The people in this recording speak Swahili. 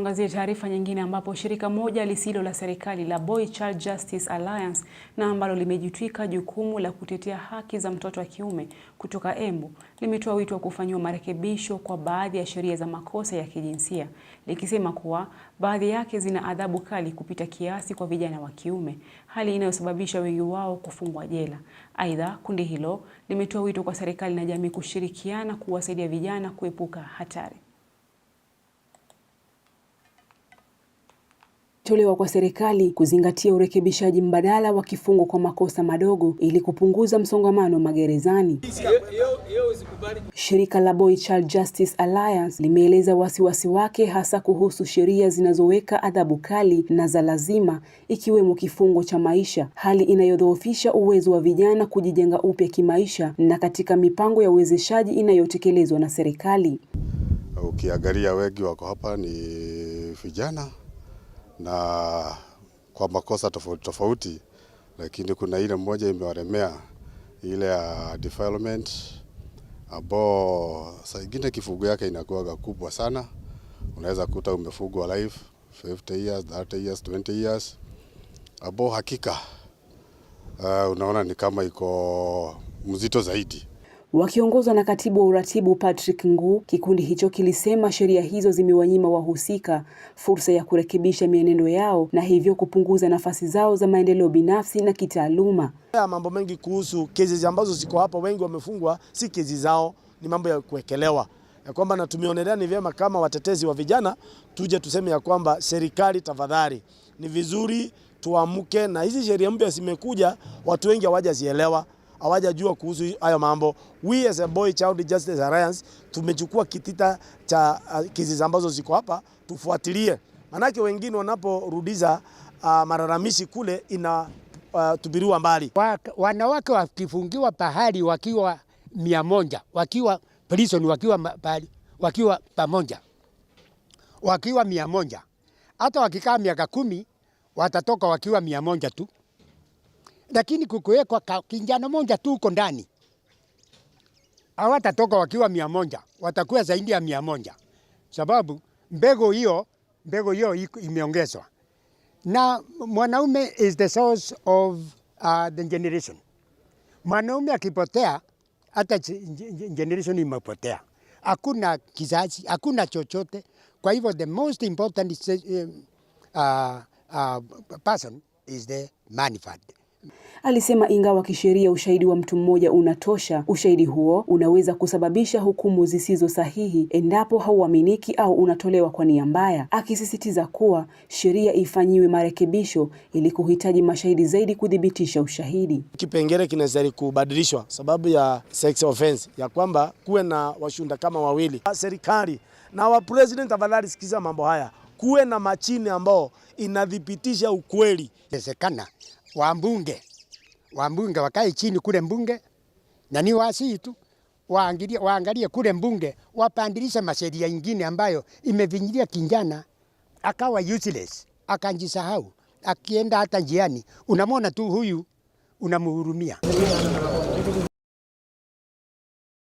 Tuangazie taarifa nyingine ambapo shirika moja lisilo la serikali la Boy Child Justice Alliance na ambalo limejitwika jukumu la kutetea haki za mtoto wa kiume kutoka Embu limetoa wito wa kufanyiwa marekebisho kwa baadhi ya sheria za makosa ya kijinsia, likisema kuwa baadhi yake zina adhabu kali kupita kiasi kwa vijana wa kiume, hali inayosababisha wengi wao kufungwa jela. Aidha, kundi hilo limetoa wito kwa serikali na jamii kushirikiana kuwasaidia vijana kuepuka hatari. tolewa kwa serikali kuzingatia urekebishaji mbadala wa kifungo kwa makosa madogo ili kupunguza msongamano magerezani. Shirika la Boy Child Justice Alliance limeeleza wasiwasi wake hasa kuhusu sheria zinazoweka adhabu kali na za lazima ikiwemo kifungo cha maisha, hali inayodhoofisha uwezo wa vijana kujijenga upya kimaisha na katika mipango ya uwezeshaji inayotekelezwa na serikali. Ukiangalia wengi wako hapa ni vijana na kwa makosa tofauti tofauti, lakini kuna ile mmoja imewaremea ile ya defilement ambao saa ingine kifugo yake inakuwaga kubwa sana, unaweza kuta umefugwa life 50 years, 30 years, 20 years ambao hakika uh, unaona ni kama iko mzito zaidi. Wakiongozwa na katibu wa uratibu Patrick Nguu, kikundi hicho kilisema sheria hizo zimewanyima wahusika fursa ya kurekebisha mienendo yao na hivyo kupunguza nafasi zao za maendeleo binafsi na kitaaluma. Mambo mengi kuhusu kesi ambazo ziko hapa, wengi wamefungwa, si kesi zao, ni mambo ya kuwekelewa ya kwamba na tumeonelea ni vyema kama watetezi wa vijana tuje tuseme ya kwamba serikali, tafadhali, ni vizuri tuamke na hizi sheria mpya zimekuja, watu wengi hawajazielewa hawajajua kuhusu hayo mambo. We as a Boy Child Justice Alliance tumechukua kitita cha uh, kizizi ambazo ziko hapa, tufuatilie, manake wengine wanaporudiza uh, malalamishi kule ina uh, tubiriwa mbali. Wanawake wakifungiwa pahali wakiwa mia moja wakiwa prison wakiwa pahali wakiwa pamoja wakiwa mia moja hata wakikaa miaka kumi watatoka wakiwa mia moja tu lakini kukuwekwa kijana moja tu uko ndani, hawatatoka wakiwa mia moja, watakuwa zaidi ya mia moja sababu mbegu hiyo mbegu hiyo imeongezwa. Na mwanaume is the source of uh, the generation. Mwanaume akipotea, hata generation imepotea, hakuna kizazi, hakuna chochote. Kwa hivyo the most important is, uh, uh, person is the man. Alisema ingawa kisheria ushahidi wa mtu mmoja unatosha, ushahidi huo unaweza kusababisha hukumu zisizo sahihi endapo hauaminiki au unatolewa kwa nia mbaya, akisisitiza kuwa sheria ifanyiwe marekebisho ili kuhitaji mashahidi zaidi kudhibitisha ushahidi. Kipengele kinastahili kubadilishwa sababu ya sex offense, ya kwamba kuwe na washunda kama wawili. Serikali na wa president tafadhali sikiza mambo haya, kuwe na machini ambao inadhibitisha ukweli. Inawezekana wambunge wambunge wakae chini kule mbunge na ni wasii tu waangalie, waangalie kule mbunge wapandilisha masheria nyingine ambayo imevinyilia kinjana akawa useless akanjisahau, akienda hata njiani unamwona tu huyu, unamuhurumia.